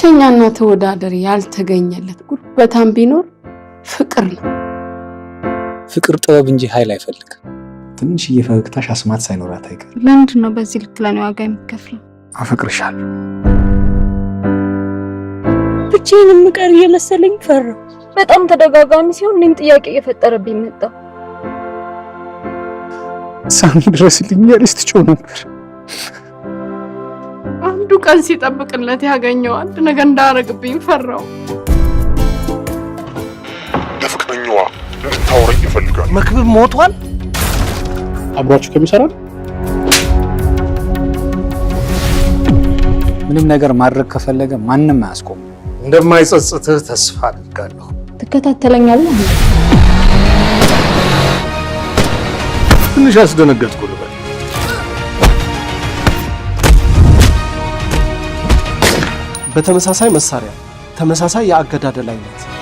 ብቸኛና ተወዳደር ያልተገኘለት ጉልበታም ቢኖር ፍቅር ነው። ፍቅር ጥበብ እንጂ ኃይል አይፈልግም። ትንሽ ፈገግታሽ አስማት ሳይኖራት አይቀር። ለምንድን ነው በዚህ ልክ ለኔ ዋጋ የምትከፍለው? አፈቅርሻለሁ። ብቻዬን የምቀር እየመሰለኝ ፈራ። በጣም ተደጋጋሚ ሲሆን እኔም ጥያቄ እየፈጠረብኝ መጣ። ሳሚ ድረስልኝ ያለች ትጮህ ነበር። ቀን ሲጠብቅለት ያገኘዋል። ነገ ነገር እንዳረግብኝ ፈራው። ለፍቅረኛዋ እንድታወረኝ ይፈልጋል። መክብብ ሞቷል። አብሯችሁ ከሚሰራል ምንም ነገር ማድረግ ከፈለገ ማንም አያስቆም። እንደማይጸጽትህ ተስፋ አድርጋለሁ። ትከታተለኛለህ። ትንሽ አስደነገጥኩ። በተመሳሳይ መሳሪያ፣ ተመሳሳይ የአገዳደል አይነት